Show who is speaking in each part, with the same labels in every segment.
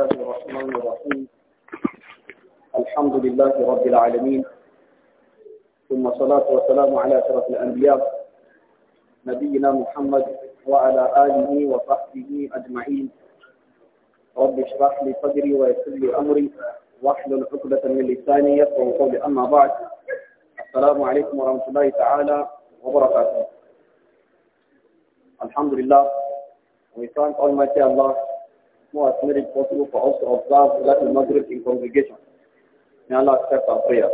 Speaker 1: الله الرحمن الرحيم الحمد لله رب العالمين ثم الصلاة والسلام على شرف الأنبياء نبينا محمد وعلى آله وصحبه أجمعين رب اشرح لي صدري ويسر لي أمري واحلل عقدة من لساني يفقه قولي أما بعد السلام عليكم ورحمة الله تعالى وبركاته الحمد لله قول ما شاء الله made it possible for us to observe Maghrib in congregation. May Allah accept our prayers.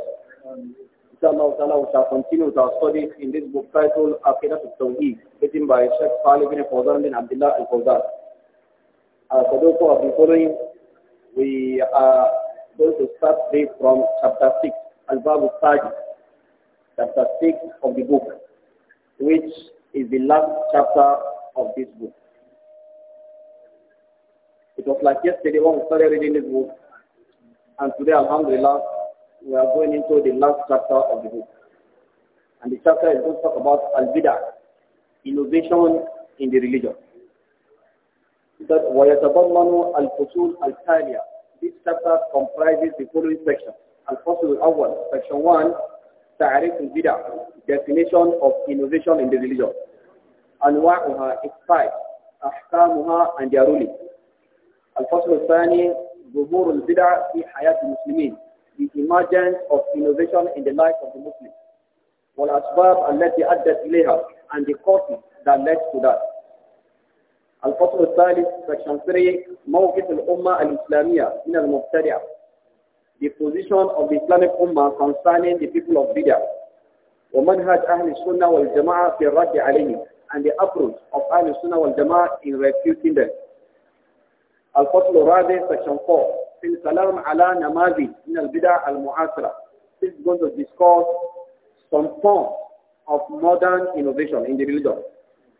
Speaker 1: we shall continue with our in this book titled tawheed written by Sheikh bin Fawzan bin Abdullah al-Fawzan. Uh, for those who have been following, we are going to start today from chapter 6, Al-Bab chapter 6 of the book, which is the last chapter of this book. It was like yesterday when we started reading this book, and today, Alhamdulillah, we are going into the last chapter of the book. And the chapter is going to talk about Al-Bida, innovation in the religion. That وَيَتَضَمَّنُ الْفُصُولَ الْتَالِيَةِ This chapter comprises the following sections. Al-Fasul al Section 1, al البدع definition of innovation in the religion and its type ahkamuha and their ruling الفصل الثاني ظهور البدع في حياة المسلمين the emergence of innovation in the life of the Muslims والأسباب التي أدت إليها and the causes that led to that الفصل الثالث section 3 موقف الأمة الإسلامية من المبتدعة the position of the Islamic Ummah concerning the people of Bid'ah ومنهج أهل السنة والجماعة في الرد عليهم and the approach of أهل السنة والجماعة in refuting them الفصل الرابع section 4 في الكلام على نماذج من البدع المعاصرة This is going to discuss some forms of modern innovation in the religion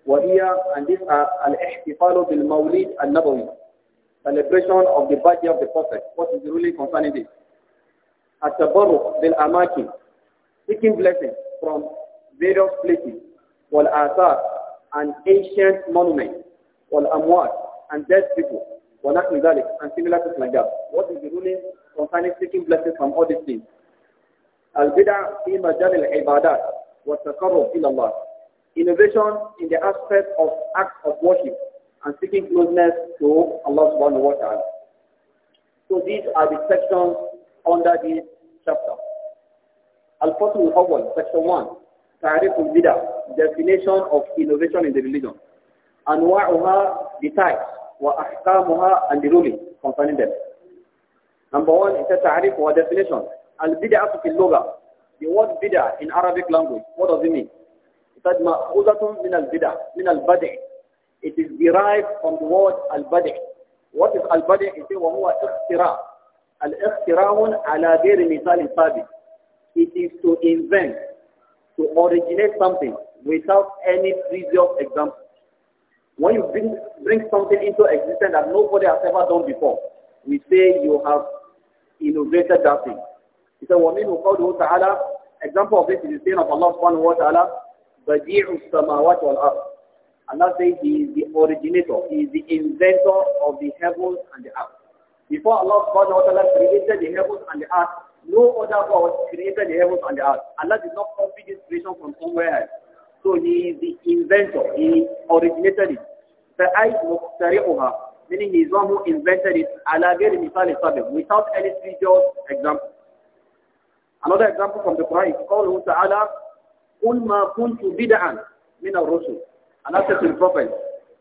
Speaker 1: وهي and these are الاحتفال بالمولد النبوي celebration of the birthday of the prophet what is really concerning this التبرك بالأماكن seeking blessings from various places والآثار and ancient monuments والأموات and dead people وَنَحْنِ ذَلِكَ and similar to like that. What is the ruling concerning seeking blessings from all these things? البدع في مجال العبادات والتقرب إلى الله. Innovation in the aspect of acts of worship and seeking closeness to Allah subhanahu wa ta'ala. So these are the sections under this chapter. Al-Fasl al-Awwal, section 1, Ta'rif al-Bida, definition of innovation in the religion. Anwa'uha, the types. وأحكامها and the ruling concerning them. Number one is a ta'rif or definition. Al-bid'ah fi al The word bid'ah in Arabic language, what does it mean? It said ma'khuzatun min al-bid'ah, min al-badi'. It is derived from the word al-badi'. What is al-badi'? It is وهو اختراع. الاختراع على غير مثال ثابت. It is to invent, to originate something without any previous example. When you bring, bring something into existence that nobody has ever done before, we say you have innovated that thing. He said, وَمِنْهُ قَوْلُهُ taala. Example of this is the saying of Allah subhanahu wa ta'ala, بَدِيعُ السَّمَاوَاتِ وَالْأَرْضِ Allah says He is the originator, He is the inventor of the heavens and the earth. Before Allah subhanahu wa ta'ala created the heavens and the earth, no other God created the heavens and the earth. Allah did not copy this creation from somewhere else. So he is the inventor. He originated it. فَأَيْ مُقْتَرِعُهَا Meaning he is one who invented it عَلَى غَيْرِ مِثَالِ example Without any previous example. Another example from the Quran is قوله تعالى قُلْ مَا كُنْتُ بِدَعًا مِنَ الرُّسُلِ And that's to the Prophet,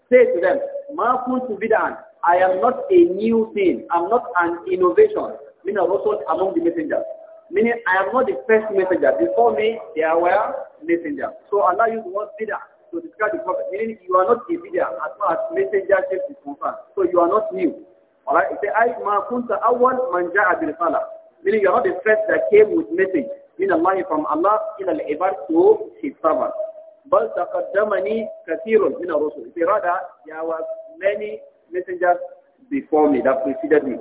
Speaker 1: say to them, مَا كُنْتُ بِدَعًا I am not a new thing. I'm not an innovation. مِنَ الرُّسُلِ among the messengers. Meaning, I am not the first messenger. Before me, there were messengers. So Allah used one bid'ah to describe the prophet. Meaning, you are not a bid'ah as far as messengership is concerned. So you are not new. Alright? It says, I ma kunta awwal man ja'a bil Meaning, you are not the first that came with message. من الله from Allah the العباد to his servant. بل تقدمني كثير من الرسل. If rather, there were many messengers before me that preceded me.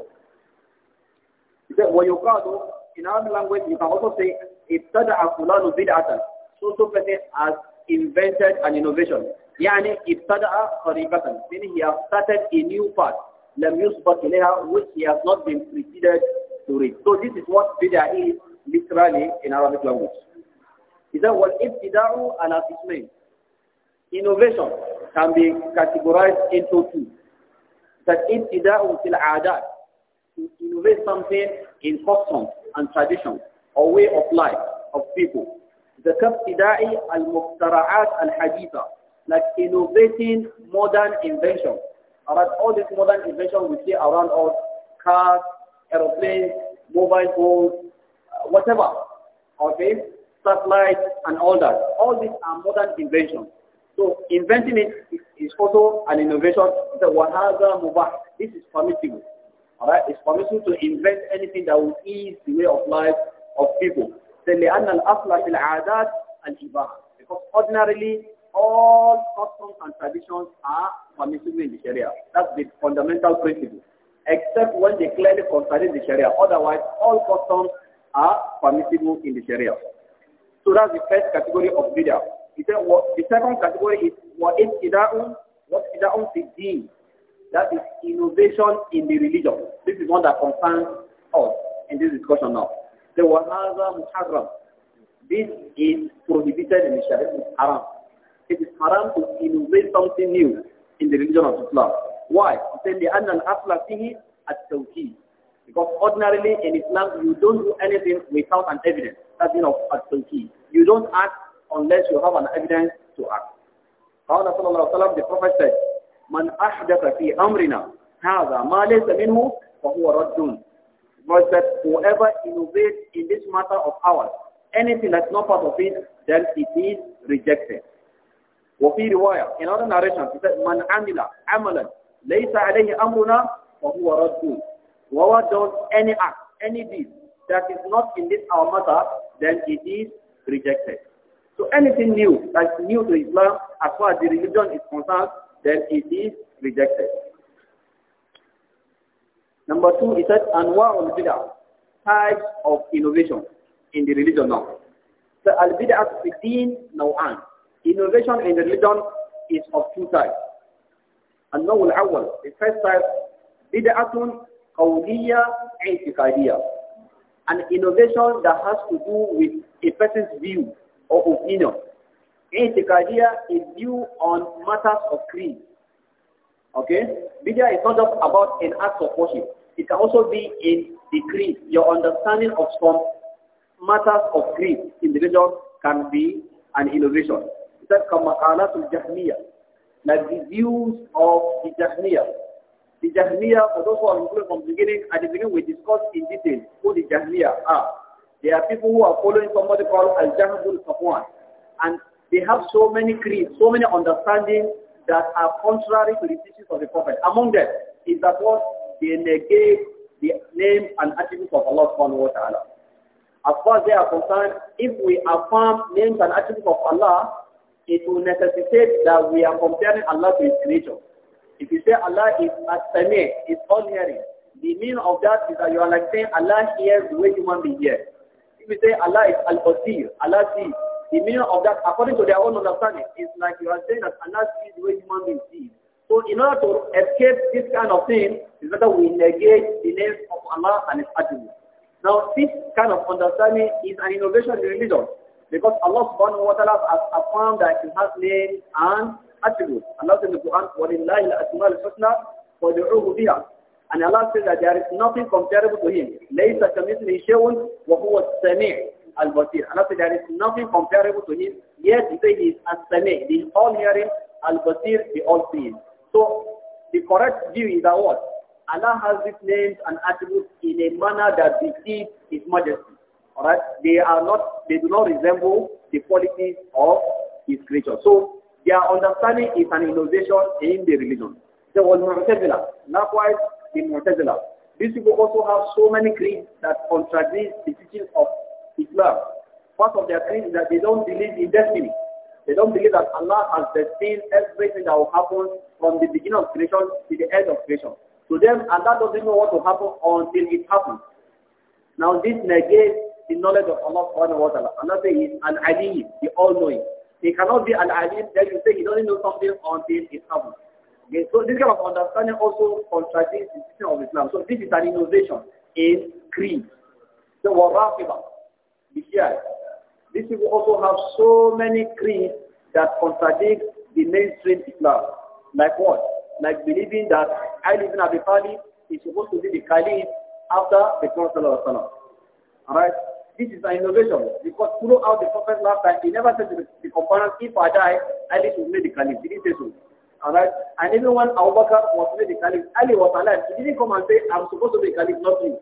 Speaker 1: He said, ويقال in Arabic language, you can also say, ابتدع فلان bid'atan," So, so person has invented an innovation. يعني ابتدع خريبة. Meaning he has started a new path. لم يسبق إليها which he has not been preceded to read. So this is what bid'ah is literally in Arabic language. Is that what ibtida'u ala qismain? Innovation can be categorized into two. That ibtida'u fil adat, to innovate something in customs and traditions or way of life of people. The kaftida'i al-muftara'at al-haditha, like innovating modern inventions. About all these modern inventions we see around us, cars, aeroplanes, mobile phones, uh, whatever, okay, satellites and all that. All these are modern inventions. So inventing it is also an innovation. The wahaza mubah, this is permissible. Alright, it's permission to invent anything that will ease the way of life of people. Then Because ordinarily, all customs and traditions are permissible in the Sharia. That's the fundamental principle. Except when they clearly contradict the Sharia. Otherwise, all customs are permissible in the Sharia. So that's the first category of bid'ah. The second category is what is ida'un, what ida'un fi that is innovation in the religion. This is one that concerns us in this discussion now. The wahaza muharram. This is prohibited in the Sharia. It's haram. It is haram to innovate something new in the religion of Islam. Why? Because ordinarily in Islam, you don't do anything without an evidence. That's you at tawheed. You don't act unless you have an evidence to act. How the Prophet said من أحدث في أمرنا هذا ما ليس منه فهو رد But that whoever innovates in this matter of ours, anything that's not part of it, then it is rejected. وفي رواية, in other narrations, it says, من عمل عملا ليس عليه أمرنا فهو رد. Whoever does any act, any deed that is not in this our matter, then it is rejected. So anything new, that's new to Islam, as far as the religion is concerned, then it is rejected. Number two, is that Anwa al bid'ah, types of innovation in the religion now. So al bid'ah fi din naw'an. Innovation in the religion is of two types. al الأول, the first type, bidatun قولية اعتقادية. An innovation that has to do with a person's view or opinion Intikadiyah is due on matters of creed. Okay? Bidya is not just about an act of worship. It can also be in the creed. Your understanding of some matters of creed, individual, can be an innovation. It says, كَمَقَالَةُ الْجَهْمِيَةِ Like the views of the Jahmiyyah. The Jahmiyyah, for those who are included from the beginning, at the beginning we discussed in detail who the Jahmiyyah are. There are people who are following somebody called Al-Jahmul Safwan. And they have so many creeds, so many understandings that are contrary to the teachings of the Prophet. Among them is that what they negate the name and attributes of Allah subhanahu wa ta'ala. As far as they are concerned, if we affirm names and attributes of Allah, it will necessitate that we are comparing Allah to his creature. If you say Allah is as-sami, is all-hearing, the meaning of that is that you are like saying Allah hears the way human being hears. If you say Allah is al-basir, Allah sees, the meaning of that, according to their own understanding, is like you are saying that Allah sees the way human beings see. So in order to escape this kind of thing, it's better we negate the name of Allah and His attributes. Now this kind of understanding is an innovation in religion because Allah subhanahu wa ta'ala has affirmed that He has names and attributes. Allah says in the Quran, وَلِلَّهِ الْأَسْمَاءُ الْحُسْنَى فَادْعُوهُ بِهَا And Allah says that there is nothing comparable to Him. لَيْسَ كَمِثْلِهِ شَيْءٌ وَهُوَ السَّمِيعُ Al-Basir. Allah said there is nothing comparable to him, yet he said he is As-Sami, the all-hearing, Al-Basir, the all-seeing. So the correct view is that what? Allah has these names and attributes in a manner that befits His Majesty. Alright? They are not, they do not resemble the qualities of His creature. So their understanding is an innovation in the religion. So Al-Mu'tazila, likewise the Mu'tazila. These people also have so many creeds that contradict the teaching of Islam. Part of their creed is that they don't believe in destiny. They don't believe that Allah has destined everything that will happen from the beginning of creation to the end of creation. To them, Allah doesn't know what will happen until it happens. Now this negates the knowledge of Allah subhanahu wa ta'ala. Allah says he's an alim, the all-knowing. He cannot be an alim, then you say he doesn't know something until it happens. Okay, so this kind of understanding also contradicts the teaching of Islam. So this is an innovation in creed. So, وَرَافِبَةً this is also have so many creeds that contradict the mainstream Islam. Like what? Like believing that Ali ibn Abi Talib is supposed to be the Caliph after the Prophet Alright? This is an innovation because throughout the Prophet's lifetime, he never said to the, companions, if I die, Ali should be the Caliph. He didn't say so. Alright? And even when Abu Bakr was made the Caliph, Ali was alive. He didn't come and say, I'm supposed to be Caliph, not you.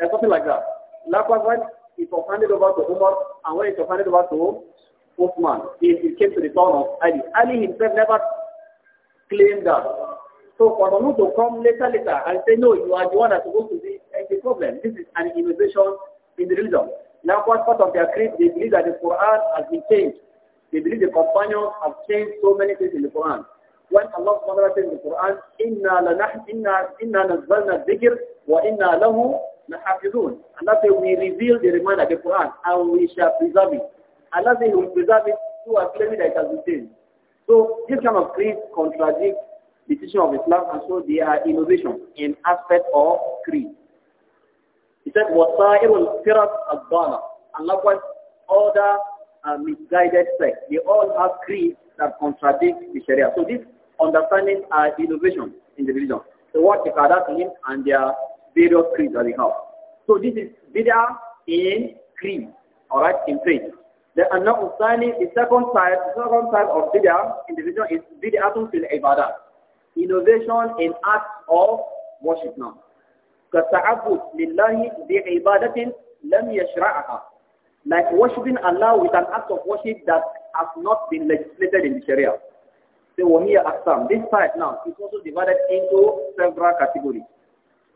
Speaker 1: and something like that. Likewise, when it was handed over to Umar, and when it was handed over to Uthman, it, it came to the town of Ali. Ali himself never claimed that. So for Manu to come later, later and say, no, you are the one that's supposed to be eh, the problem. This is an innovation in the religion. Now, what part of their creed, they believe that the Quran has been changed. They believe the companions have changed so many things in the Quran. When Allah subhanahu says in the Quran, إِنَّا لَنَحْنَ إِنَّا نَزَّلْنَا الذِّكْرِ وَإِنَّا لَهُ and that's why we reveal the remainder of the Quran and we shall preserve it. And that's why will preserve it through a claim that it has been So this kind of creed contradicts the teaching of Islam and so they are innovation in aspect of creed. He said, وَصَائِرُ الْفِرَةِ الضَّالَةِ And likewise, other uh, misguided sects. They all have creed that contradict the Sharia. So these understandings are innovation in the religion. So what the Qadar and their various creeds that we have. So this is bid'ah in creed, alright, in faith. The anna usani, the second type, the second type of bid'ah in the religion is bid'atun fil ibadah. Innovation in acts of worship now. كالتعبد لله بعبادة لم يشرعها. Like worshiping Allah with an act of worship that has not been legislated in the Sharia. So we'll وهي some. This type now is also divided into several categories.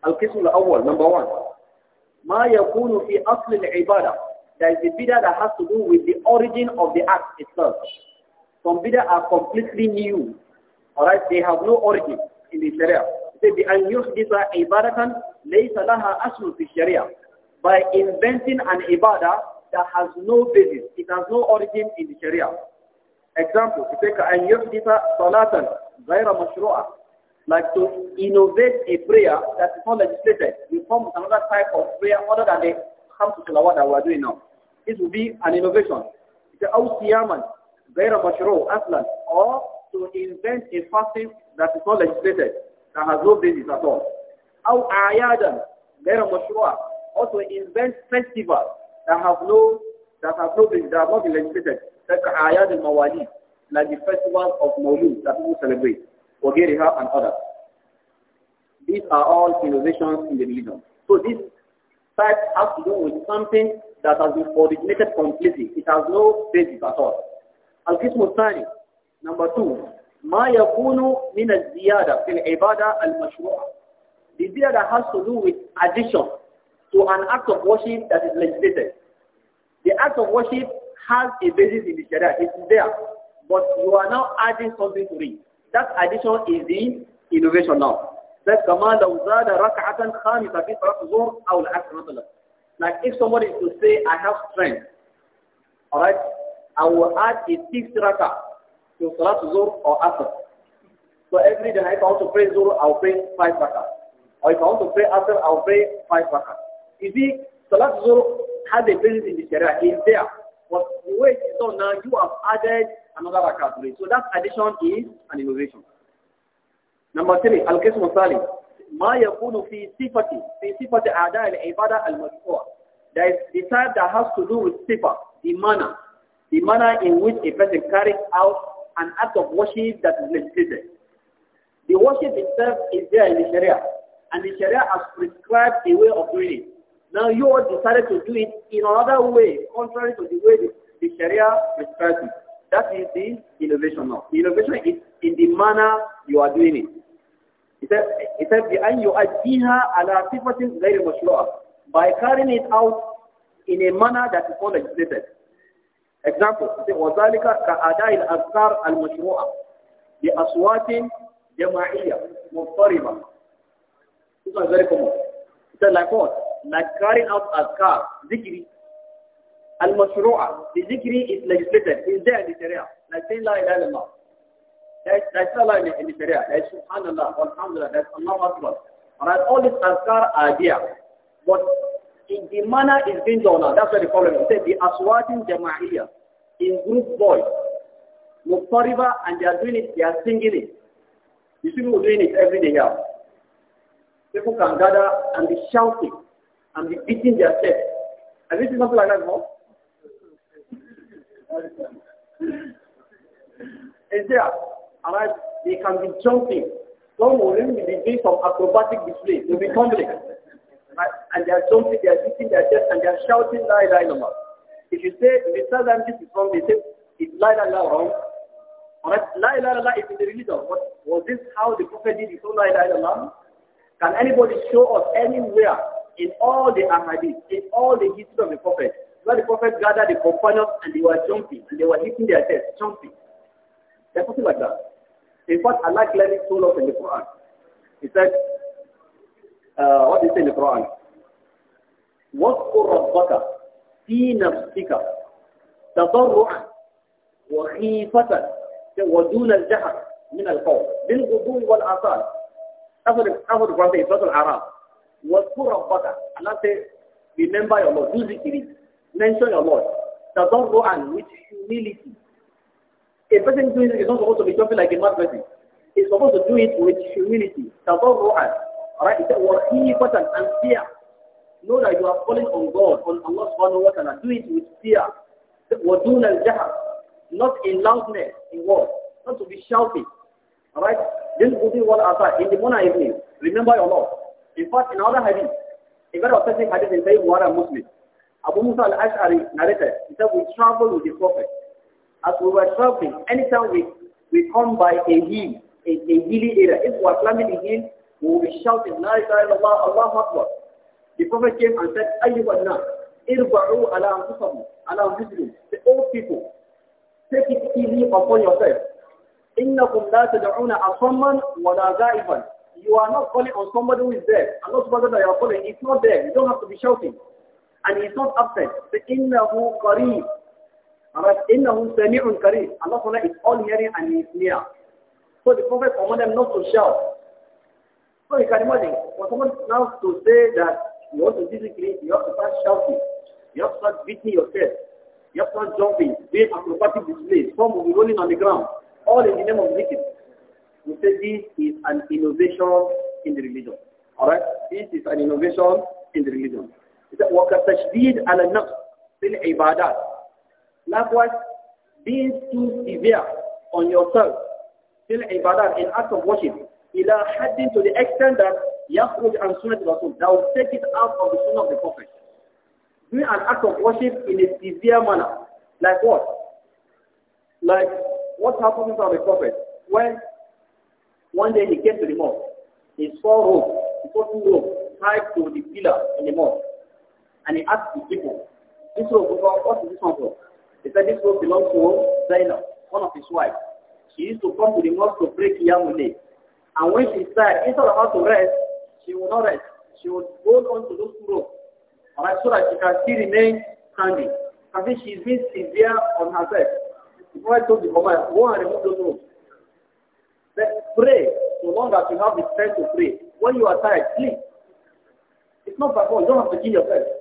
Speaker 1: القسم الأول number one ما يكون في أصل العبادة That is, the bidah that has to do with the origin of the act itself some bidah are completely new alright they have no origin in the Sharia say بأن يحدث عبادة ليس لها أصل في الشريعة by inventing an ibadah that has no basis it has no origin in the Sharia example take أن يحدث صلاة غير مشروعة like to innovate a prayer that is not legislated. We form another type of prayer other than the Hamsu Salawat that we are doing now. This will be an innovation. It's out Siyaman, Gaira Aslan, or to invent a fasting that is not legislated, that has no basis at all. Out Ayadan, Gaira Bashiro, or to invent festivals that have no that have no basis, that have not been legislated, like Ayad mawali like the festival of Mawlud that people celebrate. Wageriha and others. These are all innovations in the religion. So this fact has to do with something that has been originated completely. It has no basis at all. القسم الثاني number two ما يكون من الزيادة في al المشروعة The زيادة has to do with addition to an act of worship that is legislated. The act of worship has a basis in the Sharia. It's there. But you are now adding something to it. That addition is the innovation now. That command, كما لو زاد ركعة خامسة في صلاة الظهر أو العصر مثلا. Like if somebody is to say, I have strength, all right, I will add a sixth rakah to Salat Zuhr or Asr. So every day if I want to pray Zuhr, I will pray five rakah. Or if I want to pray Asr, I will pray five rakah. You see, Salat Zuhr has a presence in the Sharia. It's there. But the way it's done now, you have added another to So that addition is an innovation. Number three, Al-Qism Salih. ما يكون في صفة في صفة أداء العبادة There is the type that has to do with sifa, the manner, the manner in which a person carries out an act of worship that is legislated. The worship itself is there in the Sharia, and the Sharia has prescribed a way of doing it. Now you all decided to do it in another way, contrary to the way the, the Sharia prescribes it. That is the innovation now. innovation is in the manner you are doing it. It says, it says بأن يؤديها على صفة غير مشروعة by carrying it out in a manner that is not legislated. Example, وذلك كأداء الأذكار المشروعة بأصوات جماعية مضطربة. This one is very common. It says like what? Like carrying out azkar zikri. The mashrua the zikri is legislated, is there in the Sharia, like saying La ilaha illallah. That's, that's Allah in the Sharia, that's Subhanallah, Alhamdulillah, that's Allah Akbar. Alright, all these askar are there, but in the manner it's being done now, that's where the problem is. It says the aswatin jama'iyya, in group voice, Muqtariba, and they are doing it, they are singing it. You see, people are doing it every day here. People can gather and be shouting and be beating their chest. Have you seen something like that before? is there. Alright, they can be jumping. Some will even be doing some acrobatic display. They'll be tumbling. Right? And they are jumping, they are hitting their chest, and they are shouting, La ilaha illallah. If you say, if you tell them this is wrong, they say, it's La ilaha illallah wrong. Alright, La ilaha illallah is in the religion. What, was this how the Prophet did his own La ilaha illallah? Can anybody show us anywhere in all the ahadith, in all the history of the Prophet, where the prophet gathered the companions and they were jumping, and they were hitting their heads, jumping. There's something like that. In fact, Allah clearly told us in the Quran. He said, uh, what is in the Quran? واذكر ربك في نفسك تضرعا وخيفة ودون الجهر من القول بالغدو والآثار أفضل أفضل برضه إفضل العرب واذكر ربك Allah says remember your Lord do zikiri mention your Lord. Now don't go and with humility. A person doing it is not supposed to be talking like a mad person. He's supposed to do it with humility. Now don't go and. Alright, it said, وَخِيفَةً and fear. Know that you are calling on God, on Allah subhanahu wa ta'ala. Do it with fear. in الْجَهَرِ Not in loudness, in words. Not to be shouting. Alright? This put be one aside. In the morning evening, remember your Lord. In fact, in other hadith, a very authentic hadith in Sayyid Buhari Muslim, Abu Musa al-Ash'ari narrated, he said, we travel with the Prophet. As we were traveling, anytime we, we come by a hill, a, a hilly area, if we are climbing a hill, we will be shouting, La ilaha illallah, Allahu Akbar. The Prophet came and said, Ayyuha na, irba'u ala anfusakum, ala anfusakum. The old people, take it easy upon yourself. إنكم لا تدعون أصما ولا غائبا. You are not calling on somebody who is dead. I'm not somebody that you are calling. It's not there. You don't have to be shouting and he's not upset. So innahu qareeb. Alright, innahu sami'un qareeb. Allah Ta'ala is all hearing and he is near. So the Prophet commanded them not to shout. So you can imagine, for someone now to say that you want to disagree, you have to start shouting. You have to start beating yourself. You have to start jumping, doing acrobatic displays. Some will be rolling on the ground. All in the name of zikr. We say this is an innovation in the religion. Alright? This is an innovation in the religion. وكتشديد على النفس في العبادات likewise being too severe on yourself في العبادات in acts of worship إلى حد to the extent that يخرج عن سنة الرسول that will take it out of the sunnah of the prophet doing an act of worship in a severe manner like what like what happened to the prophet when one day he came to the mosque he saw rope he saw two tied to the pillar in the mosque and he asked the people, this robe, what is this one for? He said, this robe belongs to Zainab, one of his wives. She used to come to the mosque to break Yamule. And when she said, instead of her to rest, she will not rest. She will hold on to those two ropes. Alright, so that she can still remain standing. I think she's been severe on herself. The Prophet told the woman, go and remove those ropes. Then pray, so long as you have the strength to pray. When you are tired, sleep. It's not by You don't have to kill yourself.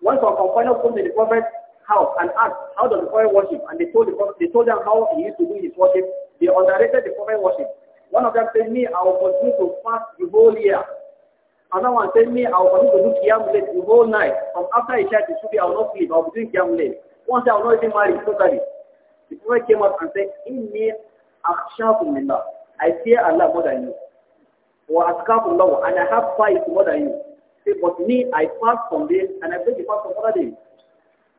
Speaker 1: Once our companions came to the prophet's house and asked, how does the prophet worship? And they told, the prophet, they told them how he used to do his worship. They underrated the prophet worship. One of them said, me, I will continue to fast the whole year. Another one said, me, I will continue to do Qiyam late the whole night. From after I shared the Sufi, I will not sleep. I will be doing Qiyam late. Once I will not even marry totally. The prophet came up and said, Inni akhshakum minna. I fear Allah more than you. Wa askakum Allah. And I have fight more than you but me, I fast from this and I break the fast from other things.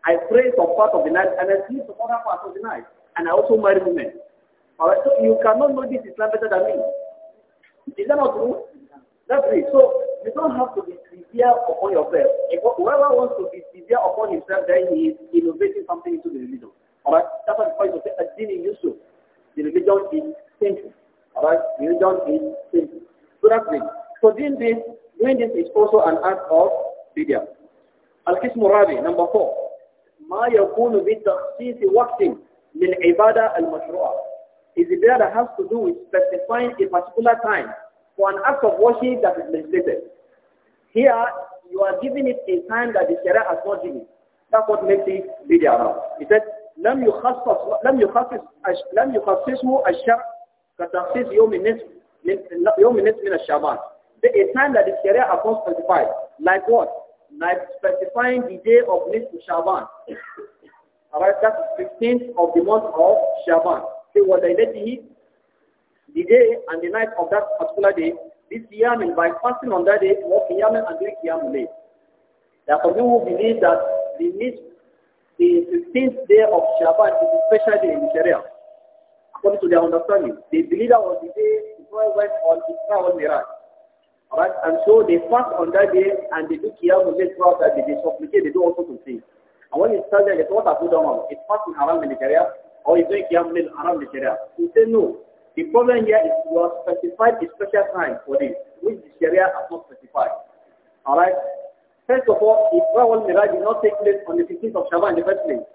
Speaker 1: I pray some part of the night and I sleep some other part of the night. And I also marry women. Alright, so you cannot know this Islam better than me. Is that not true? That's it. So you don't have to be severe upon yourself. If whoever wants to be severe upon himself, then he is innovating something into the religion. Alright? That's why point of a genie in to. The religion is sinful. Alright? Religion is sinful. So that's it. So then this Doing this is also an act of bid'ah. Al الرابع number four ما يكون بالتخصيص وقت للعبادة المشروعة is a bid'ah that has to do with specifying a particular time for an act of worship that is legislated. Here, you are giving it a time that the Sharia has not given. That's what makes it bid'ah now. He said, لم يخصص لم يخصص لم يخصصه الشرع كتخصيص يوم النصف يوم النصف من الشعبان a time that the Sharia has not specified. Like what? Like specifying the day of Nisfu Shaban. Alright, that's the 15th of the month of Shaban. So what I let you the day and the night of that particular day, this Yamin, by fasting on that day, walk Yamin and drink Yamin There are some people who believe that the Nisfu the 15th day of Shaban is a special day in Sharia, according to their understanding. They believe that was the day Israel went on Israel Miraj. Right? And so they fast on that day and they do qiyam late throughout that day. They supplicate, they do all sorts of things. And when you tell them, they say, what have you done wrong? It's fasting around the Sharia or it's doing qiyam late around the Sharia. You say, no. The problem here is you are specified a special time for this, which the Sharia has not specified. Alright? First of all, Isra wal Miraj did not take place on the 15th of Shaban in the first place.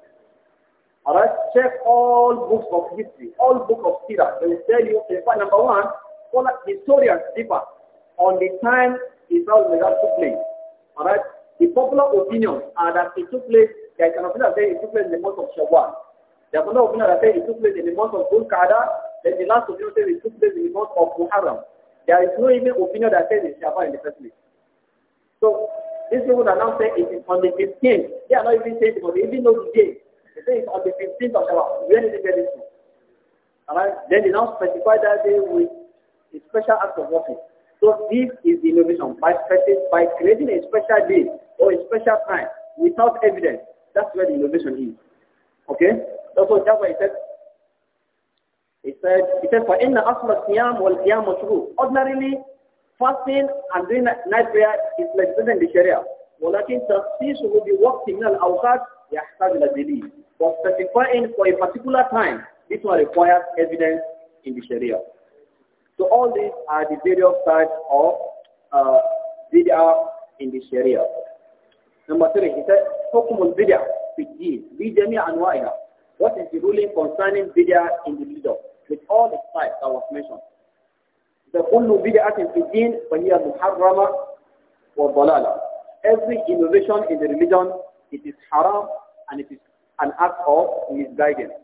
Speaker 1: Alright, check all books of history, all books of Sirah. They will tell you, in fact, number one, all the historians differ on the time Israel Miraj took place. Alright? The popular opinions are that it took place, there is an opinion that it took place in the month of Shawwal. There's another opinion that says it took place in the month of Dhul Then the last opinion says it took place in the month of Muharram. There is no even opinion that says it's Shawwal in the first place. So, these people are now saying it is on the 15th. They are not even saying but they even know the day. They say it's on the 15th of Shawwal. Where did they get this from? Alright? Then they now specify that day with a special act of worship. So this is innovation by, by creating a special day or a special time without evidence. That's where the innovation is. Okay? That's what that's why he said. He said, he said, for inna asma siyam wal qiyam Ordinarily, fasting and doing night prayer is like in the Sharia. ولكن تخصيصه بوقت من الأوقات يحتاج إلى دليل. For specifying for a particular time, this will require evidence in the Sharia. So all these are the various types of uh, in the Sharia. Number three, he said, حكم البدع في الدين بجميع What is the ruling concerning video in the religion with all the types that was mentioned? The كل when في الدين فهي or وضلالة. Every innovation in the religion, it is haram and it is an act of misguidance.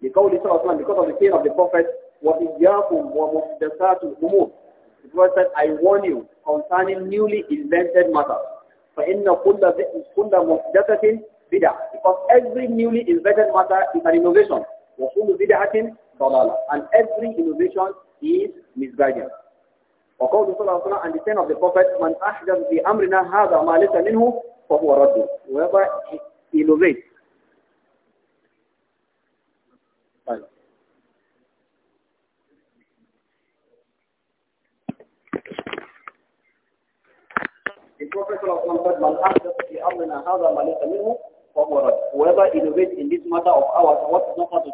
Speaker 1: The Qawli because of the saying of the Prophet وَإِيَّاكُمْ وَمُحْدَثَاتُ الْأُمُورِ The Prophet said, I warn you concerning newly invented matters. فَإِنَّ كُلَّ مُحْدَثَةٍ بِدَعٍ Because every newly invented matter is an innovation. وَكُلُّ بِدَعَةٍ ضَلَالَةٍ And every innovation is misguidance. وقول صلى الله عليه وسلم and the saying of the Prophet من أحدث في أمرنا هذا ما ليس منه فهو رد whoever innovates Man Whoever innovates in this matter of ours, what is not part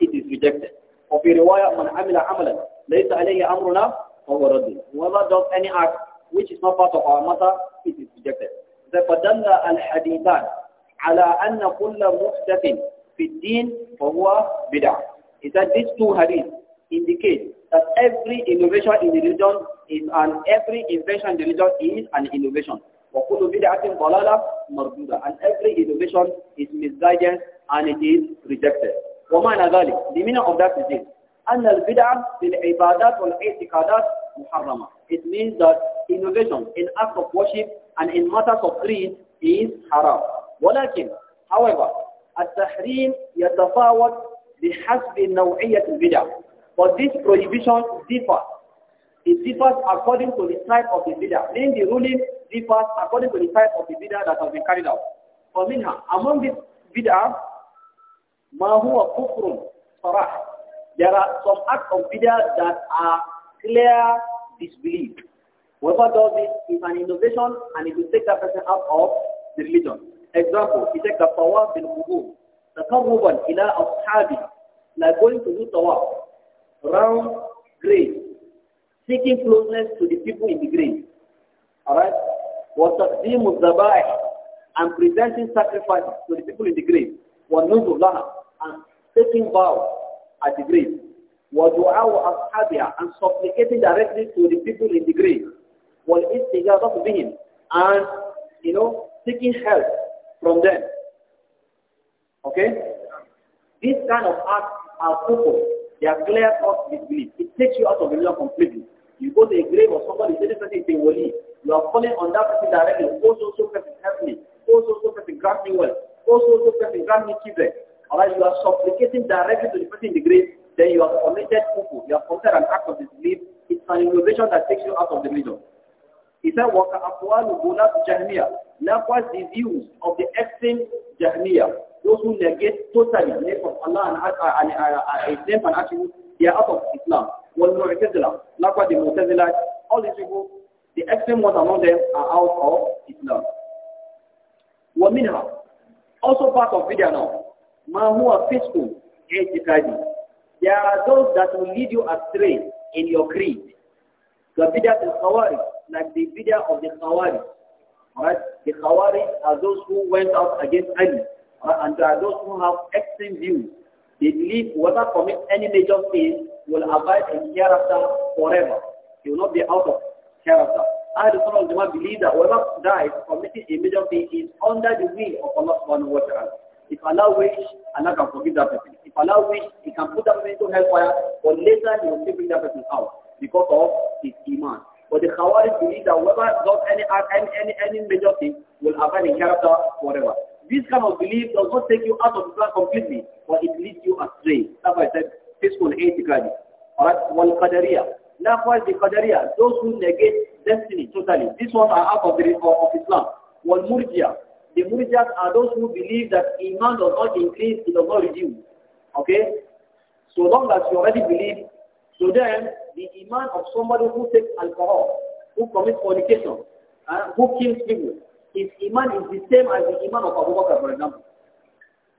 Speaker 1: it is rejected. وفي رواية man عمل عملا ليس عليه أمرنا فهو رد. Whoever does any act which is not part of our matter, it is rejected. فدل al على أن كل محدث في Fiddin, فهو Bidah. Is that these two hadiths indicate that every innovation in religion is an every invention in religion is an innovation. وَكُلُّ بِدْعَةٍ ضَلَالَةٍ مَرْدُودَةٍ And every innovation is misguided and it is rejected. ومعنى ذلك the meaning of that is this أن البدعة في العبادات والاعتقادات محرمة it means that innovation in acts of worship and in matters of creed is haram ولكن however التحريم يتفاوت بحسب نوعية البدع but this prohibition differs it differs according to the type of the bid'ah meaning the ruling differs according to the type of the bid'ah that has been carried out. For minha, among these bid'ah, ma huwa kufrun sarah. There are some acts of bid'ah that are clear disbelief. Whoever does this is an innovation and it will take that person out of the religion. Example, he takes the power bin hubub, the of ila they like going to do tawaf, round grave, seeking closeness to the people in the grave. Alright? وتقديم الذبائح and presenting sacrifices to the people in the grave والنذر لها and taking vows at the grave ودعاء أصحابها and supplicating directly to the people in the grave والاستجابة بهم and you know seeking help from them okay these kind of acts are simple they are clear cut disbelief it takes you out of religion completely you go to a grave of somebody say this person is wali you are calling on that person directly. Also, so person help me. Also, so person grant me well? Also, so person grant me children. Alright, you are supplicating directly to the person in the grave. Then you are committed kufu. You are committed an act of disbelief. It's an innovation that takes you out of the middle. He said, Waka Aqwalu Gulat Jahmiya. Likewise, the views of the extreme Jahmiya, those who negate totally the name of Allah and His name and attributes, they are out of Islam. Wal Mu'tazila. Likewise, the Mu'tazila, all these people, the extreme ones among them are out of Islam. ومنها also part of video now. ما هو فسق اعتقادي There are those that will lead you astray in your creed. The of the khawarij like the bidat of the khawarij. Alright? The khawarij are those who went out against Ali. Right? And there are those who have extreme views. They believe whatever commits any major sin will abide in hereafter forever. He will not be out of care of that. I, the son of the man, believe that whoever dies committing a major thing is under the will of Allah subhanahu wa ta'ala. If Allah wish, Allah can forgive that person. If Allah wish, He can put that person into hellfire, but later He will still bring that person out because of his iman. But the Khawarij believe that whoever does any act, any, any, any major thing will have any character forever. This kind of belief does not take you out of Islam completely, but it leads you astray. That's why I said, peaceful, ethically. Alright, wal-qadariyah. Likewise, the Qadariya, those who negate destiny totally. These ones are out of the reform of Islam. One Murjiya. The Murjiyas are those who believe that Iman does not increase, it does not reduce. Okay? So long as you already believe, so then the Iman of somebody who takes alcohol, who commits fornication, uh, who kills people, his Iman is the same as the Iman of Abu Bakr, for example.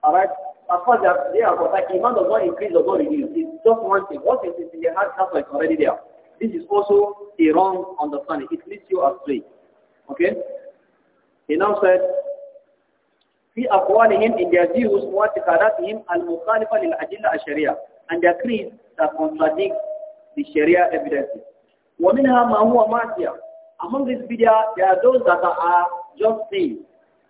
Speaker 1: Alright? as far as they are concerned, the amount does not increase or not reduce. It's just one thing. What is it? in your heart, that's why it's already there. This is also a wrong understanding. It leads you astray. Okay? He now said, في أقوالهم in their views واعتقاداتهم المخالفة للأدلة الشريعة and their agree that contradicts the Sharia evidences. ومنها ما هو معصية. Among these videos, there are those that are just sin.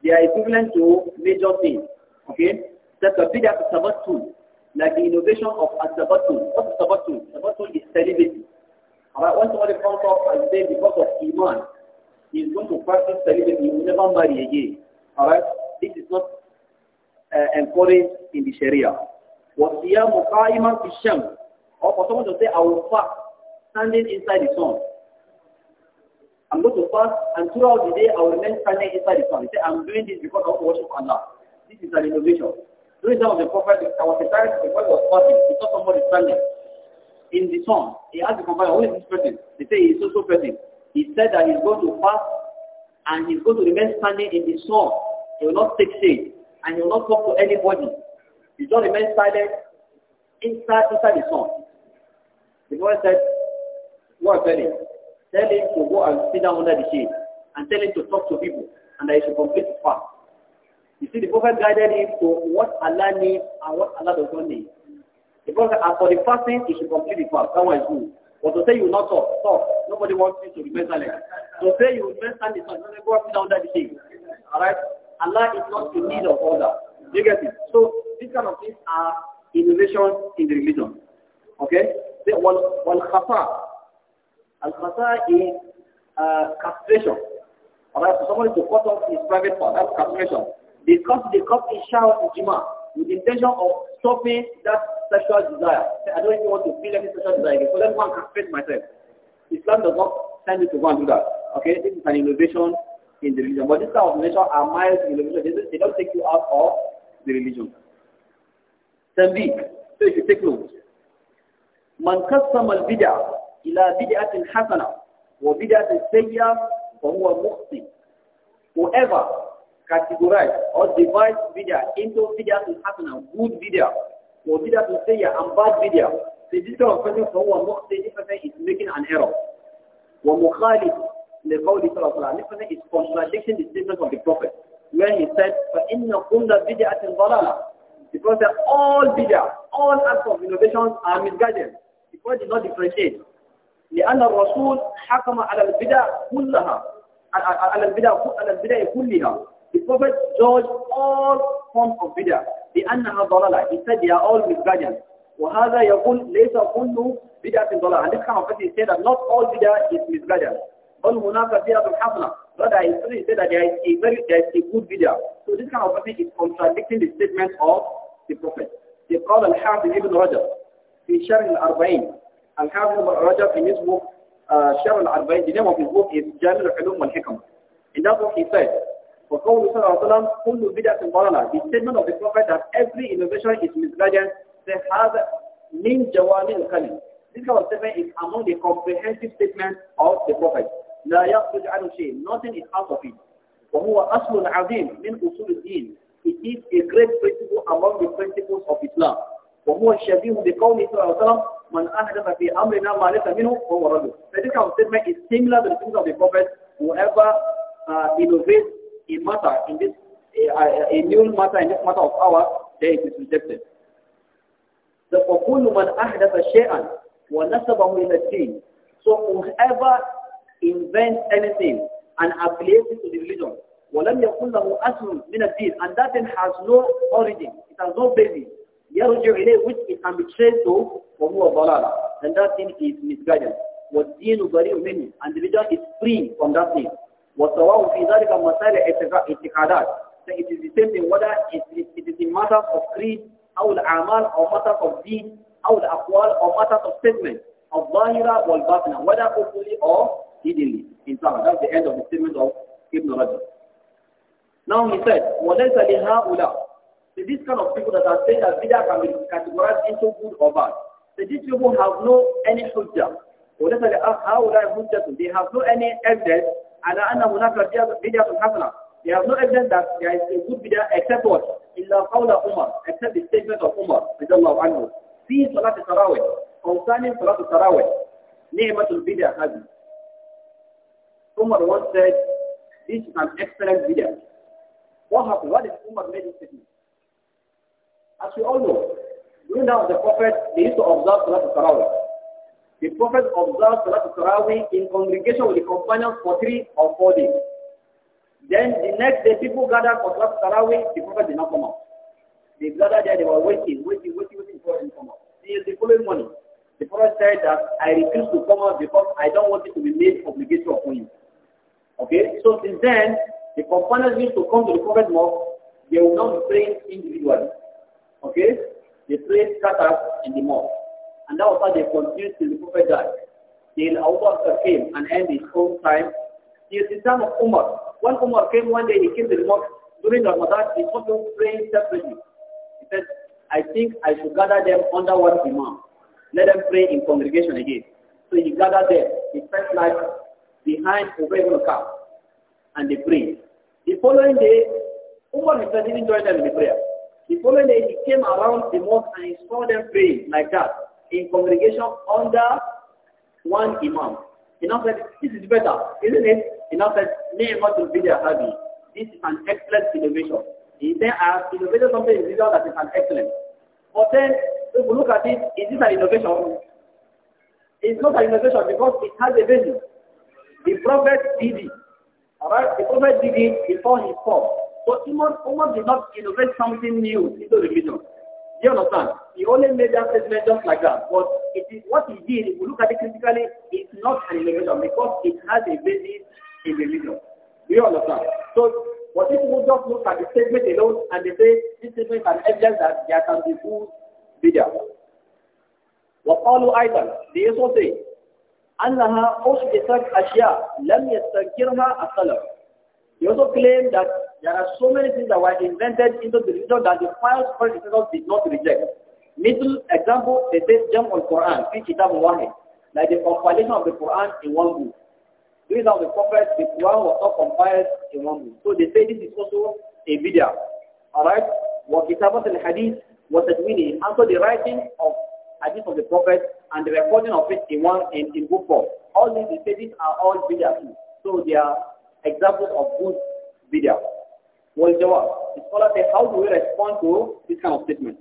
Speaker 1: They are equivalent to major sin. Okay? that can be that tabattul, like the innovation of a tabattul. What is tabattul? Tabattul is celibacy. Alright, once somebody comes up and says because of Iman, he is going to practice celibacy, he will never marry again. Alright, this is not uh, encouraged in the Sharia. What وَصِيَامُ iman فِي الشَّمْسِ Or for someone to say, I will fast standing inside the sun. I'm going to fast and throughout the day I will remain standing inside the sun. He said, I'm doing this because I want to worship Allah. This is an innovation. During that of the prophet, there was a time the prophet was fasting. He saw somebody standing in the sun. He asked the companion, who is this person? They say he is so so person. He said that he's going to fast and he's going to remain standing in the sun. He will not take shade and he will not talk to anybody. He just remain silent inside inside the sun. The prophet said, "What and tell him. Tell him to go and sit down under the shade and tell him to talk to people and that he should complete his fast. You see, the Prophet guided him to what Allah needs and what Allah does not need. The Prophet, for the fasting, he should complete the fast. That one is good. But to say you will not talk, talk. Nobody wants you to remain silent. To say you will remain silent, not going to sit down that thing. Alright? Allah is not in need of order. You get it? So, these kind of things are innovations in the religion. Okay? The wal-khasa. al Khafa is uh, castration. Alright? So somebody to cut off his private part. That's castration. They cut, they come in shower in Jima with the intention of stopping that sexual desire. I don't even want to feel any sexual desire again. So let me go and castrate myself. Islam does not send you to go and do that. Okay, this is an innovation in the religion. But this kind of innovation are mild innovation. They don't take you out of the religion. Tambi. So if you take note. من قسم البدع إلى wa حسنة وبدعة سيئة فهو مخطئ. Whoever categorize or divide video into videos that happen and good video or videos that say and bad video. The digital kind of person فهو مخطئ this person is making an error. ومخالف لقول صلى الله عليه وسلم this person is contradicting the statement of the Prophet when he said فإن كل بدعة ضلالة because all video, all acts of innovation are misguided because they do not differentiate. لأن الرسول حكم على البدع كلها على البدع على البدع كلها The Prophet judged all forms of bidah. The بأنها ضلالة. He said they are all misguidance. وهذا يقول ليس كل بدعة ضلالة. And this kind of person said that not all bidah is misguidance. بل هناك بدعة حسنة. Rather, he said that there is a very there is a good bidah. So this kind of person is contradicting the statement of the Prophet. The قال الحافظ ابن رجب في شرح الأربعين الحافظ ابن رجب in his book uh, شرح الأربعين the name of his book is جامع العلوم والحكم in that book he said for قول صلى الله عليه وسلم the statement of the Prophet that every innovation is misguided. say هذا من جوامع This kind of statement is among the comprehensive statements of the Prophet. nothing is out of it. وهو أصل عظيم من أصول الدين It is a great principle among the principles of Islam. وهو شبيه بقوله صلى الله عليه من أحدث في أمرنا ما ليس منه فهو رجل. So this kind of statement is similar to the things of the Prophet. Whoever uh, innovates a matter in this, a, a, new matter in this matter of ours, then it is rejected. The فَكُلُ مَنْ أَحْدَثَ شَيْئًا وَنَسَبَهُ إِلَى الدِّينِ So whoever invents anything and applies it to the religion, وَلَمْ يَكُنْ لَهُ أَسْلٌ مِنَ الدِّينِ And that thing has no origin, it has no basis. يَرُجِعُ إِلَيْهِ which it can be traced to فَهُوَ ضَلَالًا And that thing is misguidance. وَالدِّينُ بَرِيءٌ مِنْهِ And the religion is free from that thing. وَالصَّوَابُ فِي ذَلِكَ مَسَائِلَ اعتقادات So it is the same thing whether it, it, it is in matters of creed, أو الأعمال or matters of deed, أو الأقوال or matters of statement, of ظاهرة والباطنة, whether openly or hiddenly. In fact, that's the end of the statement of Ibn Rajab. Now he said, وَلَيْسَ لِهَا So this kind of people that are saying that bid'ah can be categorized into good or bad. So these people have no any hujjah. وَلَيْسَ لِهَا They have no any evidence على أن هناك بدعة حسنة They have no evidence that there is a good bid'ah except what? إلا قول عمر except the statement of Umar رضي الله عنه في صلاة التراويح concerning صلاة التراويح نعمة البدعة هذه Umar once said this is an excellent bid'ah What happened? What did Umar made this statement? As we all know, during the of the Prophet, they used to observe Salat al-Tarawih. The Prophet observed Salat Tarawih in congregation with the companions for three or four days. Then the next day, people gathered for Salat Tarawih, the Prophet did not come out. They gathered there, they were waiting, waiting, waiting, waiting for him to come out. Till the following morning, the Prophet said that I refuse to come out because I don't want it to be made obligatory upon you. Okay, so since then, the companions used to come to the Prophet mosque, they will not be praying individually. Okay, they pray scattered in the mosque. And that was how they continued till the Prophet died. Till Abu Bakr came and ended his own time. Till the time of Umar. When Umar came one day, he came to the mosque. During Ramadan, he told them praying separately. He said, I think I should gather them under one imam. Let them pray in congregation again. So he gathered them. He spent like behind the regular car, and they prayed. The following day, Umar himself didn't join them in the prayer. The following day, he came around the mosque and he saw them praying like that in congregation under one imam. He now said, this is better, isn't it? He now said, Ni'matul Bidya Habi. This is an excellent innovation. He then asked, innovated something in Israel that is an excellent. But then, if we look at it, is this an innovation? It's not an innovation because it has a basis. The prophet did it. Alright? The prophet did it before he call. So Umar, Umar did not innovate something new into religion. You understand? He only made that statement just like that. But it is what he did, if we look at it critically, it's not an innovation because it has a basis in religion. Do you understand? So what if we just look at the statement alone and they say this statement is an evidence that there can be good bidder. وقالوا أيضا they also say أنها أحدثت أشياء لم يستنكرها السلف he also claimed that there are so many things that were invented into the religion that the pious predecessors did not reject. Middle example, they say Jam on quran fi kitab wahid, like the compilation of the Quran in one book. These are the prophet, the Quran was not compiled in one book. So they say this is also a bid'ah. Alright? Wa kitabat al-hadith was tadwini. And so the writing of hadith of the prophet and the recording of it in one in, in book form. All these, they say these are all bid'ah. So they are examples of good video. Well, jawab. The scholar say, how do we respond to this kind of statement?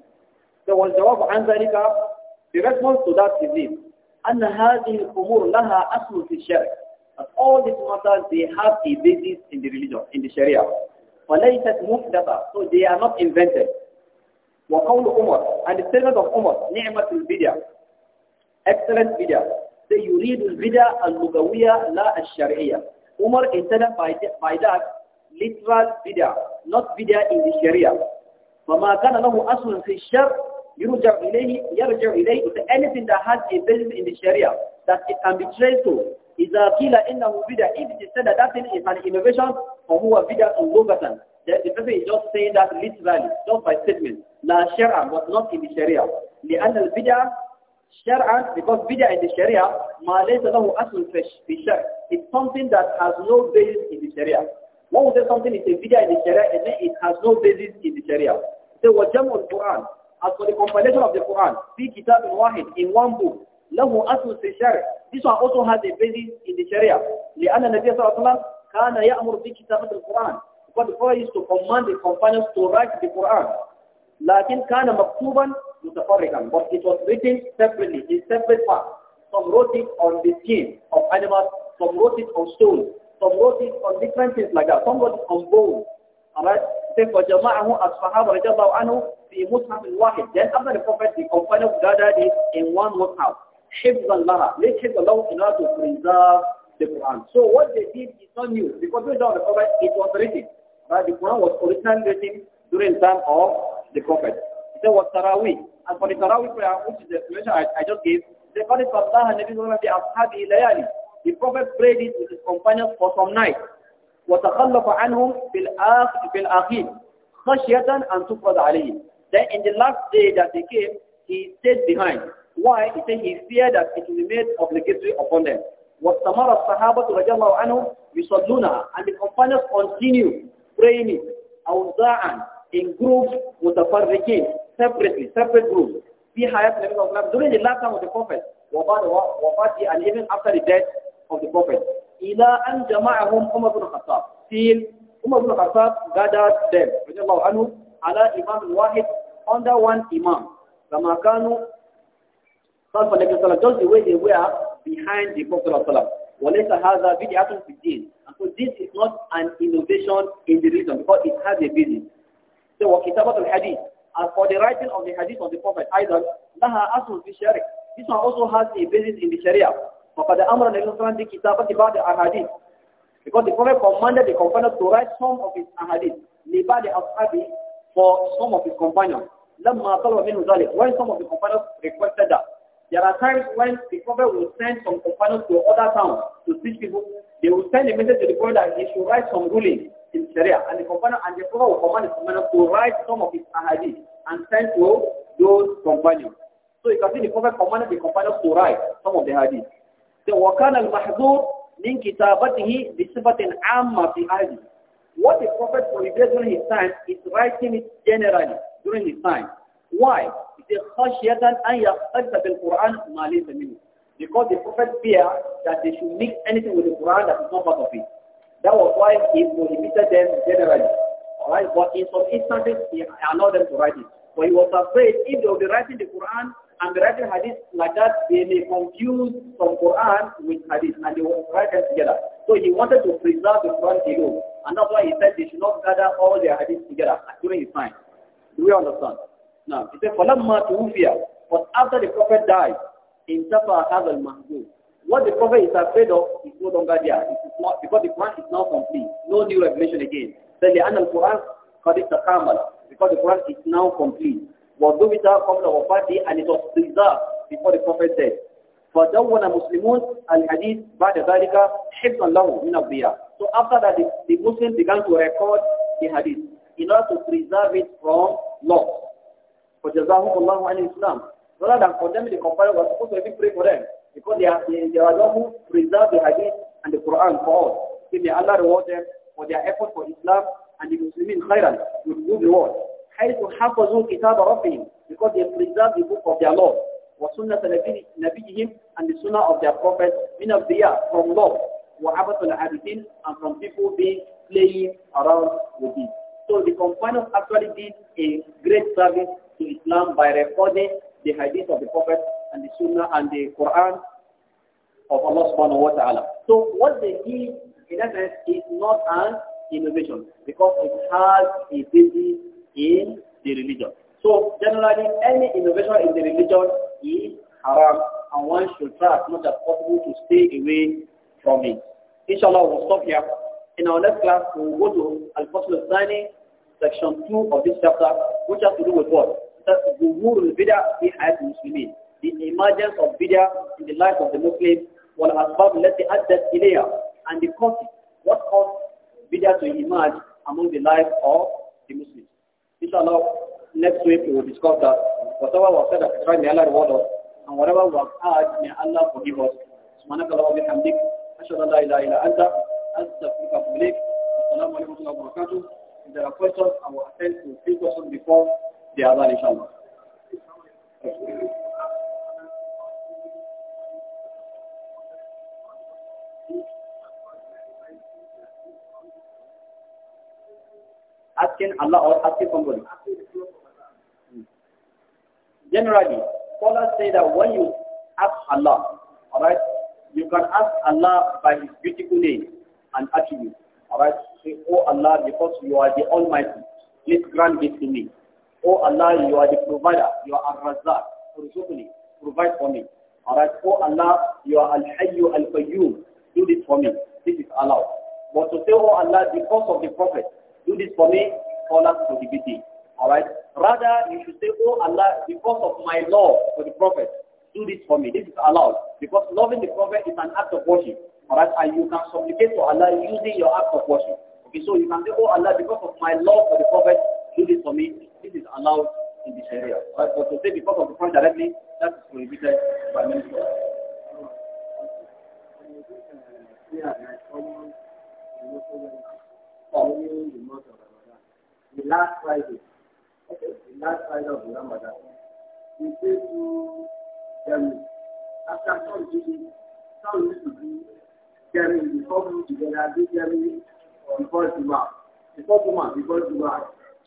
Speaker 1: So, well, jawab عن the response to that is this. أن هذه الأمور لها أصل في الشرع. But all these matters, they have a basis in the religion, in the Sharia. فليست محدثة, so they are not invented. وقول عمر, and the statement of Umar, نعمة البدع, excellent bid'ah. So you read البدع اللغوية لا الشرعية. Umar said by, by that literal bid'ah, not bid'ah in the Sharia. فَمَا كَانَ لَهُ أَصْلٌ فِي الشَّرْءِ يرجع إليه يرجع إليه to anything that has a basis in the Sharia that it can be traced to إذا قيل إنه bid'ah if it is said that that thing is an innovation فهو bid'ah لغة the, the person is just saying that literally just by statement لا شرعا but not in the Sharia لأن البدعة شرعا because bid'ah in the Sharia ما ليس له أصل في الشرع it's something that has no basis in the Sharia. One would say something is a bid'ah in the Sharia and then it has no basis in the Sharia. So wajam al-Quran, as for the compilation of the Quran, fi kitab wahid, in one book, lahu asl fi shari. This one also has a basis in the Sharia. لأن النبي صلى الله عليه وسلم كان يأمر في كتابة القرآن. But the Prophet used to command the companions to write the Quran. لكن كان مكتوبا متفرقا. But it was written separately, in separate parts. Some wrote it on the skin of animals some wrote it on stone. Some wrote it on different things like that. Some wrote it on bone. Alright? Say for Jama'ahu as Sahaba Rajallahu Anhu fi Mushaf al-Wahid. Then after the Prophet, the companions gathered it in one Mushaf. Hibzan Laha. Let Hibzan Lahu in order to preserve the Quran. So what they did is not new. Because we don't remember it was written. Right? The Quran was originally written during the time of the Prophet. It was Tarawih, And for the Tarawih prayer, which is the explanation I, I just gave, they call it Fattaha Nabi Sallallahu Alaihi Wasallam the Prophet prayed it with his companions for some nights. وَتَخَلَّفَ عَنْهُمْ فِي الْأَخِيرِ خَشْيَةً أَنْ تُفْرَضَ عَلَيْهِ Then in the last day that they came, he stayed behind. Why? He said he feared that it will be made obligatory upon them. وَاسْتَمَرَ الصَّحَابَةُ رَجَى اللَّهُ عَنْهُمْ يُصَلُّونَها And the companions continued praying it. أَوْزَاعًا In groups, متفرقين Separately, separate groups. في حياة النبي صلى الله عليه وسلم During the last time of the Prophet, وَبَعْدِ and even after the death of the Prophet. إلى أن جمعهم عمر بن الخطاب till Umar ibn Khattab gathered them رضي anhu على إمام واحد under one Imam كما كانوا خلف النبي صلى just the way they were behind the Prophet صلى الله عليه وسلم وليس هذا بدعة and so this is not an innovation in the religion because it has a basis so وكتابة Hadith. as for the writing of the hadith of the Prophet either لها أصل في الشرع this one also has a basis in the Sharia فقد أمر النبي صلى الله عليه وسلم بعض الأحاديث because the Prophet commanded the companions to write some of his ahadith لبعض أصحابه for some of his companions لما طلب منه ذلك when some of the companions requested that there are times when the Prophet will send some companions to other towns to teach people they will send a message to the Prophet that he should write some ruling in Sharia and the companion and the Prophet will command his companions to write some of his ahadith and send to those companions so you can see the Prophet commanded the companions to write some of the hadith so al الْمَحْذُورُ مِنْ كِتَابَتِهِ بِصِفَةٍ amma fi عَهْدِهِ What the Prophet prohibited during his time is writing it generally during his time. Why? It is خَشْيَةً أَنْ Qur'an بِالْقُرْآنِ مَا لَيْسَ مِنْهُ Because the Prophet feared that they should mix anything with the Quran that is not part of it. That was why he prohibited them generally. Alright, but in some instances he allowed them to write it. But he was afraid if they would be writing the Quran and writing hadith like that, they may confuse some Quran with hadith and they will write them together. So he wanted to preserve the Quran alone. And that's why he said they should not gather all their hadith together during his time. Do we understand? Now, he said, فَلَمَّا تُوفِيَ But after the Prophet died, in Safa هذا المحزون What the Prophet is afraid of is no longer there. It is not, because the Quran is now complete. No new revelation again. Then the Quran Because the Quran is now complete. وضبط وفاته before the Prophet فدون مسلمون الحديث بعد ذلك حفظا له من الضياء. So after that the, the Muslims began to record the hadith in order to preserve it from loss. فجزاهم الله عن الإسلام. Rather than condemning the companions, was supposed to be pray for them because they are, they, they are who preserve the hadith and the Quran for us. So may Allah reward them for their effort for Islam and the Muslimin khairan with good reward. حيث حفظوا كتاب ربهم because they preserve the book of their Lord وسنة نبيهم and the sunnah of their prophet من الضياء from love وعبط العارفين and from people being playing around with it. So the companions actually did a great service to Islam by recording the hadith of the prophet and the sunnah and the Quran of Allah subhanahu wa ta'ala. So what they did in essence is not an innovation because it has a basic generally, any innovation in the religion is haram, and one should try as much as possible to stay away from it. Inshallah, we'll stop here. In our next class, we'll go to Al-Fasl al section 2 of this chapter, which has to do with what? That's the role of bidah fi Hayat muslimin The emergence of Bid'ah in the life of the Muslims, wal-Asbab allati addat ilayha, and the causes. What caused Bid'ah to emerge among the life of the Muslims? Inshallah, next week we will discuss that. Whatever was said at the time, may Allah reward us. And whatever was asked, may Allah forgive us. سبحانك اللهم وبحمدك أشهد أن لا إله إلا أنت أستغفرك وأتوب إليك Assalamu alaikum. ورحمة الله If there are questions, I will attend to three questions before the other, inshallah. Asking Allah or asking somebody. Generally, scholars say that when you ask Allah, alright, you can ask Allah by His beautiful name and attributes. Alright, say, Oh Allah, because you are the Almighty, please grant this to me. Oh Allah, you are the provider, you are Ar-Razzaq, provide for me. Alright, Oh Allah, you are Al-Hayyu al fayyum do this for me. This is allowed. But to say, Oh Allah, because of the Prophet, do this for me, scholars prohibit it. Alright? Rather, you should say, Oh Allah, because of my love for the Prophet, do this for me. This is allowed. Because loving the Prophet is an act of worship. Alright? And you can supplicate to Allah using your act of worship. Okay, so you can say, Oh Allah, because of my love for the Prophet, do this for me. This is allowed in this area. Alright, But to say because of the Prophet directly, that is prohibited by many people. Yeah, like almost, the last Friday, in that side of the Ramadan. We pray to them. After some duty, some used to be carrying the problem together, they carry on first Juma. Before Juma, before Juma.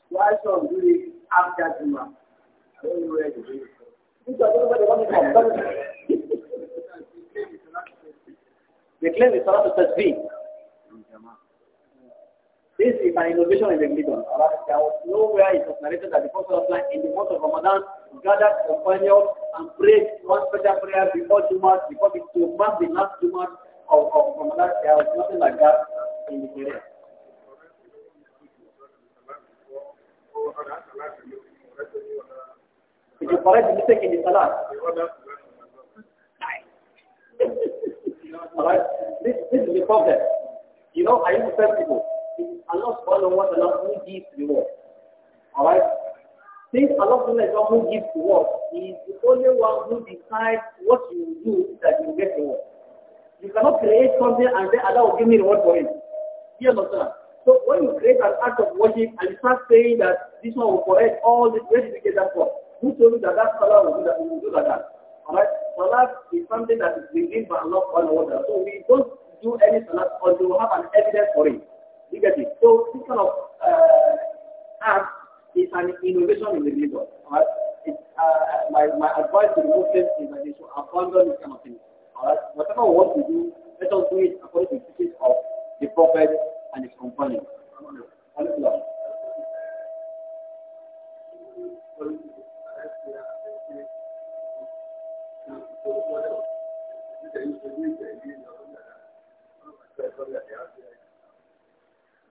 Speaker 1: Why some do after Juma? I don't know where to do it. They claim it's not a tasbih. This is an innovation in the religion. There was nowhere it was narrated that the Prophet in the month of Ramadan gathered companions and prayed one special prayer before Jumat, because it to mark the last Jumat of, of Ramadan. There was nothing like that in the Did
Speaker 2: you correct to mistake in the Salah.
Speaker 1: Alright, this, this is the problem. You know, I used to tell people, Allah follow what Allah who gives reward. Alright? Since Allah subhanahu wa ta'ala who gives reward, He is the only one who decides what you do that you get reward. You cannot create something and say Allah will give me reward for it. You understand? So when you create an act of worship and you start saying that this one will correct all the where did you get that from? Who told you that that salah will do that? Will do that? Alright? Salah is something that is revealed by Allah subhanahu So we don't do any salah until we have an evidence for it. You get it? So this kind of uh, act is an innovation in the religion. Right? It's, uh, my, my advice to the Muslims is that they should abandon this kind of thing. Right? Whatever we want to do, let us do it according to the teachings of the Prophet and his companions. Thank you.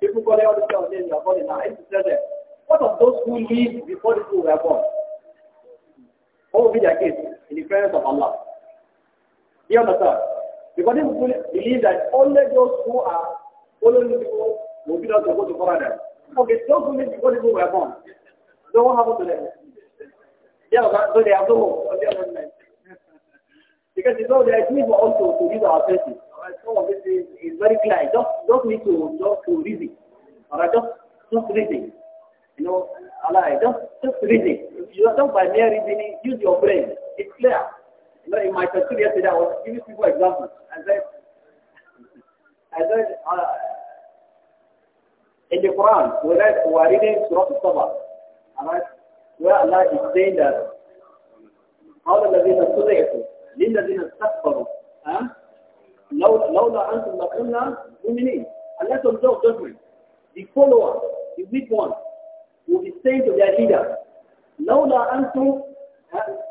Speaker 1: People call all the people saying you are born in now. I used to tell what of those who lived before the people were born? What will be their case in the presence of Allah? Do you understand? Because these people believe that only those who are following people will be able to go to paradise. Okay, those who lived before the people were born, so what happened to them? Yeah, but, so they have no hope. Because you know they are for us to, to use our senses some this is, is very clear. Just not need to just to reason. Alright, just just reason. You know, Allah, just just reason. You are just by mere reasoning, use your brain. It's clear. You know, in my tafsir yesterday, I was giving people examples. I said, I said, uh, in the Quran, we read, we are reading Surah Al-Sabah, alright, where Allah is saying that, قال الذين استضعفوا للذين استكبروا ها لو لولا أنتم لكنا مؤمنين unless on day judgment the follower the weak one will be saying to their leader لولا أنتم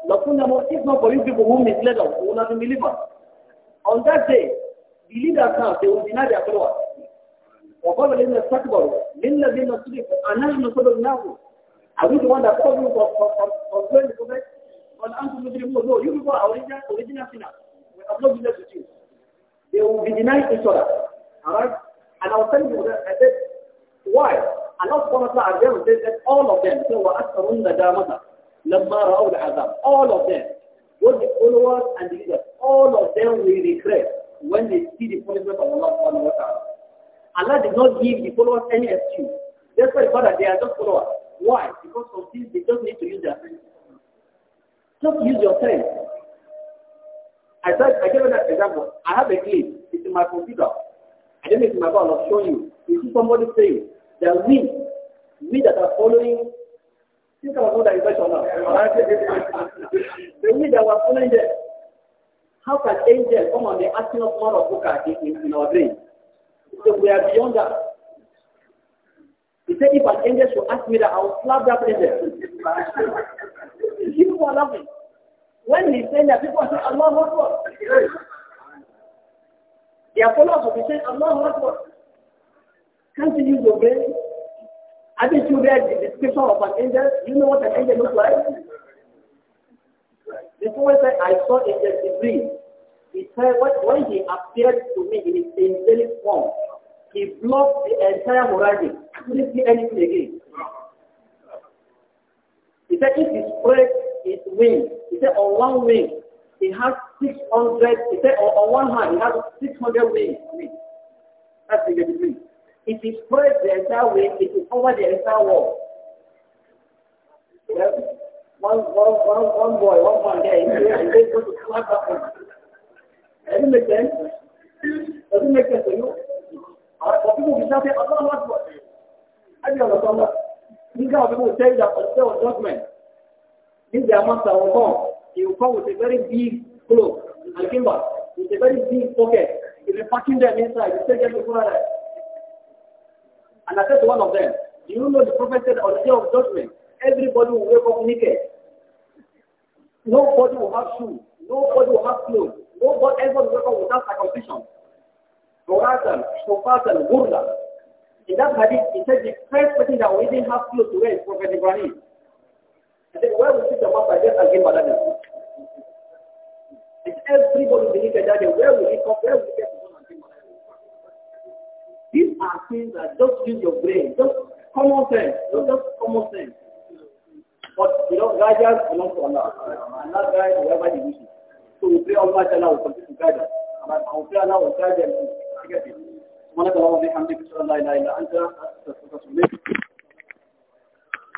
Speaker 1: لكنا if not for you people who misled us who will not be believers on that day the leader now they will deny their followers وقال الذين استكبروا the صدقوا أنحن صدقناهم Are we the one that called you for, for, for, for going to the prophet? Well, I'm to the No, you people are original, original sinners. We have not been left with you. They will be denying each other. Alright? And I was telling you that, I said, why? Allah subhanahu wa ta'ala says that all of them, so وَأَكْثَرُنَّ دَامَتَ لَمَّا رَأَوْا Azam, All of them, both the followers and the leaders, all of them will regret when they see the punishment of Allah subhanahu wa ta'ala. Allah did not give the followers any excuse. That's why Father, they are just followers. Why? Because some things they just need to use their friends. Just use your friends. I said, I gave you that example. I have a clip. It's in my computer. I didn't make my call. I'll show you. You see somebody saying that me we that are following, think about what I mentioned now. the we that were following them. How can angels come on the asking of more of Buka in, in our dream? So we are beyond that. He said, if an angel should ask me that, I will slap that angel. People are laughing. When he said, that, people say, Allah Akbar. Their followers will be saying, Allah Akbar. Can't you use your brain? have you read the description of an angel? You know what an angel looks like? The woman said, I saw angel Jibril. He said, when he appeared to me in his angelic form, he blocked the entire horizon. I couldn't see anything again. He said, if he spread his wing. He said on one wing, he has 600, he said on, one hand, he has 600 wings. That's the degree. If he spreads the entire wing, it will cover the entire wall. Yes. One, one, one, one boy, one man there, he's able to clap that one. Does it make sense? Does it make sense to you? Uh, for people to shout, Allah, what? I don't understand that. Think how people will tell you that on the judgment. In their the amount that will come. He will come with a very big cloak and gimbal, with a very big pocket. He'll packing them inside. He'll take them to And I said to one of them, do you know the prophet said on the day of judgment, everybody will wake up naked. Nobody will have shoes. Nobody will have clothes. Nobody ever will wake up without circumcision. Goratan, Shofatan, Gurla. In that hadith, he said the first person that we didn't have clothes to wear is Prophet Ibrahim. They why would you jump up and just again Madam? If everybody believe that where will it come, where will get These are things that just use your brain, just common sense, not common sense. But you know, guidance belongs to Allah. Allah guides whoever he wishes. to guide us. And we pray Allah will guide them to get it. سبحانك اللهم وبحمدك اشهد ان لا اله الا انت استغفرك واتوب